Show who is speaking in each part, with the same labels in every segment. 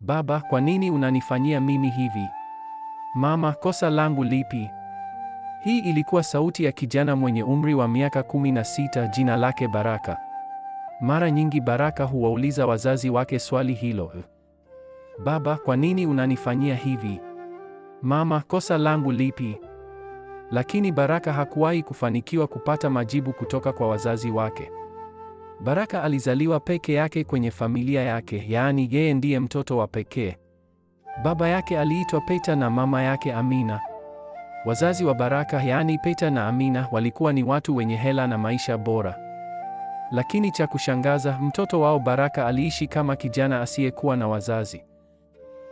Speaker 1: Baba, kwa nini unanifanyia mimi hivi? Mama, kosa langu lipi? Hii ilikuwa sauti ya kijana mwenye umri wa miaka 16, jina lake Baraka. Mara nyingi Baraka huwauliza wazazi wake swali hilo. Eh, Baba, kwa nini unanifanyia hivi? Mama, kosa langu lipi? Lakini Baraka hakuwahi kufanikiwa kupata majibu kutoka kwa wazazi wake. Baraka alizaliwa peke yake kwenye familia yake, yaani yeye ndiye mtoto wa pekee. Baba yake aliitwa Peter na mama yake Amina. Wazazi wa Baraka, yaani Peter na Amina, walikuwa ni watu wenye hela na maisha bora. Lakini cha kushangaza, mtoto wao Baraka aliishi kama kijana asiyekuwa na wazazi.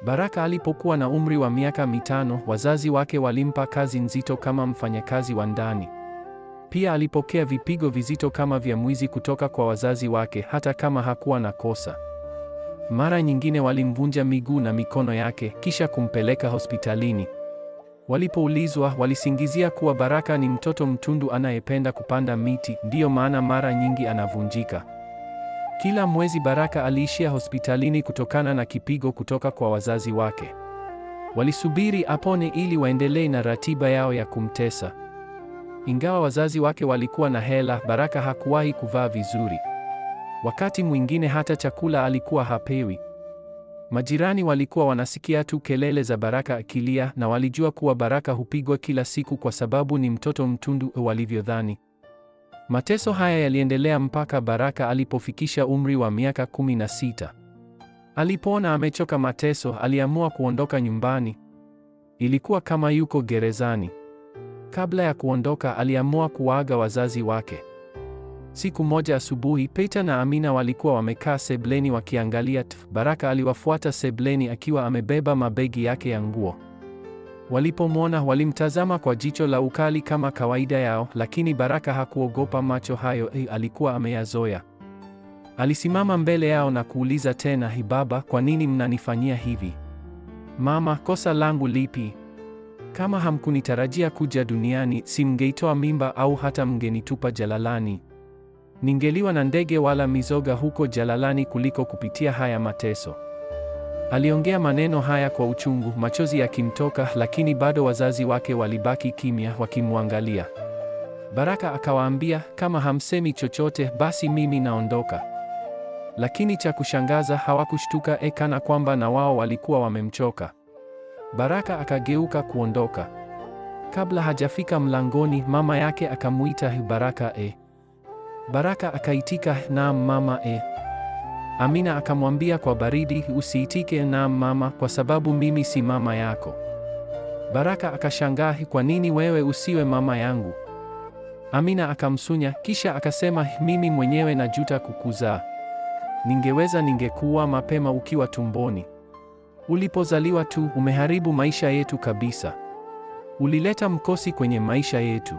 Speaker 1: Baraka alipokuwa na umri wa miaka mitano, wazazi wake walimpa kazi nzito kama mfanyakazi wa ndani. Pia alipokea vipigo vizito kama vya mwizi kutoka kwa wazazi wake hata kama hakuwa na kosa. Mara nyingine walimvunja miguu na mikono yake kisha kumpeleka hospitalini. Walipoulizwa, walisingizia kuwa Baraka ni mtoto mtundu anayependa kupanda miti, ndiyo maana mara nyingi anavunjika. Kila mwezi Baraka aliishia hospitalini kutokana na kipigo kutoka kwa wazazi wake. Walisubiri apone ili waendelee na ratiba yao ya kumtesa. Ingawa wazazi wake walikuwa na hela, Baraka hakuwahi kuvaa vizuri. Wakati mwingine hata chakula alikuwa hapewi. Majirani walikuwa wanasikia tu kelele za Baraka akilia, na walijua kuwa Baraka hupigwa kila siku kwa sababu ni mtoto mtundu, walivyodhani. Mateso haya yaliendelea mpaka Baraka alipofikisha umri wa miaka sita. Alipoona amechoka mateso, aliamua kuondoka nyumbani. Ilikuwa kama yuko gerezani. Kabla ya kuondoka, aliamua kuwaaga wazazi wake. Siku moja asubuhi, Peter na Amina walikuwa wamekaa sebleni wakiangalia TV. Baraka aliwafuata sebleni akiwa amebeba mabegi yake ya nguo. Walipomwona walimtazama kwa jicho la ukali kama kawaida yao, lakini Baraka hakuogopa macho hayo, eh, alikuwa ameyazoea. Alisimama mbele yao na kuuliza tena, "Baba, kwa nini mnanifanyia hivi? Mama, kosa langu lipi?" Kama hamkunitarajia kuja duniani, si mngeitoa mimba au hata mngenitupa jalalani. Ningeliwa na ndege wala mizoga huko jalalani kuliko kupitia haya mateso. Aliongea maneno haya kwa uchungu, machozi yakimtoka, lakini bado wazazi wake walibaki kimya wakimwangalia. Baraka akawaambia, kama hamsemi chochote, basi mimi naondoka. Lakini cha kushangaza hawakushtuka, e, kana kwamba na wao walikuwa wamemchoka. Baraka akageuka kuondoka. Kabla hajafika mlangoni, mama yake akamwita, Baraka e. Baraka akaitika, naam mama e. Amina akamwambia kwa baridi, usiitike naam mama, kwa sababu mimi si mama yako. Baraka akashangaa, kwa nini wewe usiwe mama yangu? Amina akamsunya, kisha akasema, mimi mwenyewe najuta kukuzaa. Ningeweza ningekuwa mapema ukiwa tumboni. Ulipozaliwa tu umeharibu maisha yetu kabisa. Ulileta mkosi kwenye maisha yetu.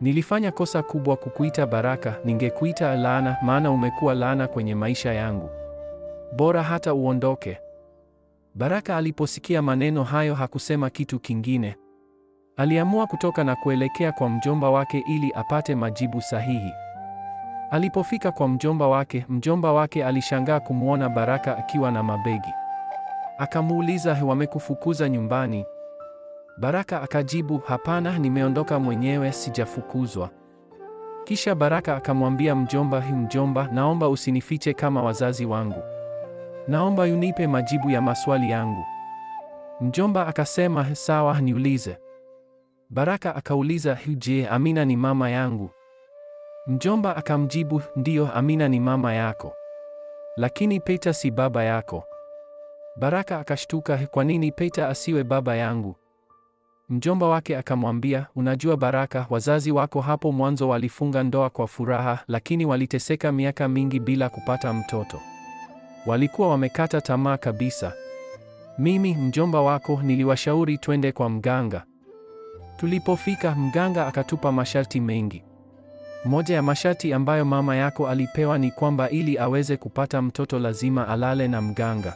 Speaker 1: Nilifanya kosa kubwa kukuita baraka, ningekuita laana, maana umekuwa laana kwenye maisha yangu. Bora hata uondoke. Baraka aliposikia maneno hayo hakusema kitu kingine. Aliamua kutoka na kuelekea kwa mjomba wake ili apate majibu sahihi. Alipofika kwa mjomba wake, mjomba wake alishangaa kumwona Baraka akiwa na mabegi. Akamuuliza, wamekufukuza nyumbani? Baraka akajibu, hapana, nimeondoka mwenyewe, sijafukuzwa. Kisha Baraka akamwambia mjomba, mjomba, naomba usinifiche kama wazazi wangu, naomba unipe majibu ya maswali yangu. Mjomba akasema sawa, niulize. Baraka akauliza, je, Amina ni mama yangu? Mjomba akamjibu, ndiyo, Amina ni mama yako, lakini Peter si baba yako. Baraka akashtuka, kwa nini Peter asiwe baba yangu? Mjomba wake akamwambia, unajua Baraka, wazazi wako hapo mwanzo walifunga ndoa kwa furaha, lakini waliteseka miaka mingi bila kupata mtoto. Walikuwa wamekata tamaa kabisa. Mimi mjomba wako niliwashauri twende kwa mganga. Tulipofika, mganga akatupa masharti mengi. Moja ya masharti ambayo mama yako alipewa ni kwamba ili aweze kupata mtoto lazima alale na mganga.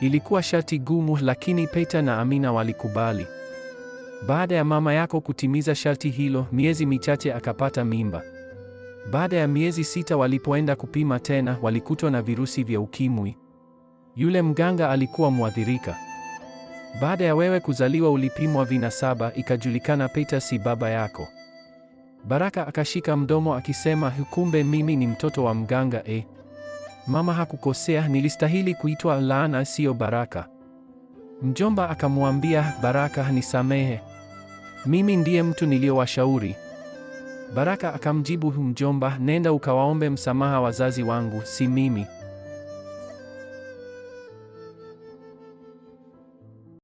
Speaker 1: Ilikuwa shati gumu, lakini Peter na Amina walikubali. Baada ya mama yako kutimiza sharti hilo, miezi michache akapata mimba. Baada ya miezi sita walipoenda kupima tena, walikutwa na virusi vya ukimwi. Yule mganga alikuwa mwathirika. Baada ya wewe kuzaliwa ulipimwa vinasaba, ikajulikana Peter si baba yako. Baraka akashika mdomo akisema, kumbe mimi ni mtoto wa mganga eh. Mama hakukosea, nilistahili kuitwa laana, siyo baraka. Mjomba akamwambia Baraka, nisamehe, mimi ndiye mtu niliyowashauri. Baraka akamjibu mjomba, nenda ukawaombe msamaha wazazi wangu, si mimi.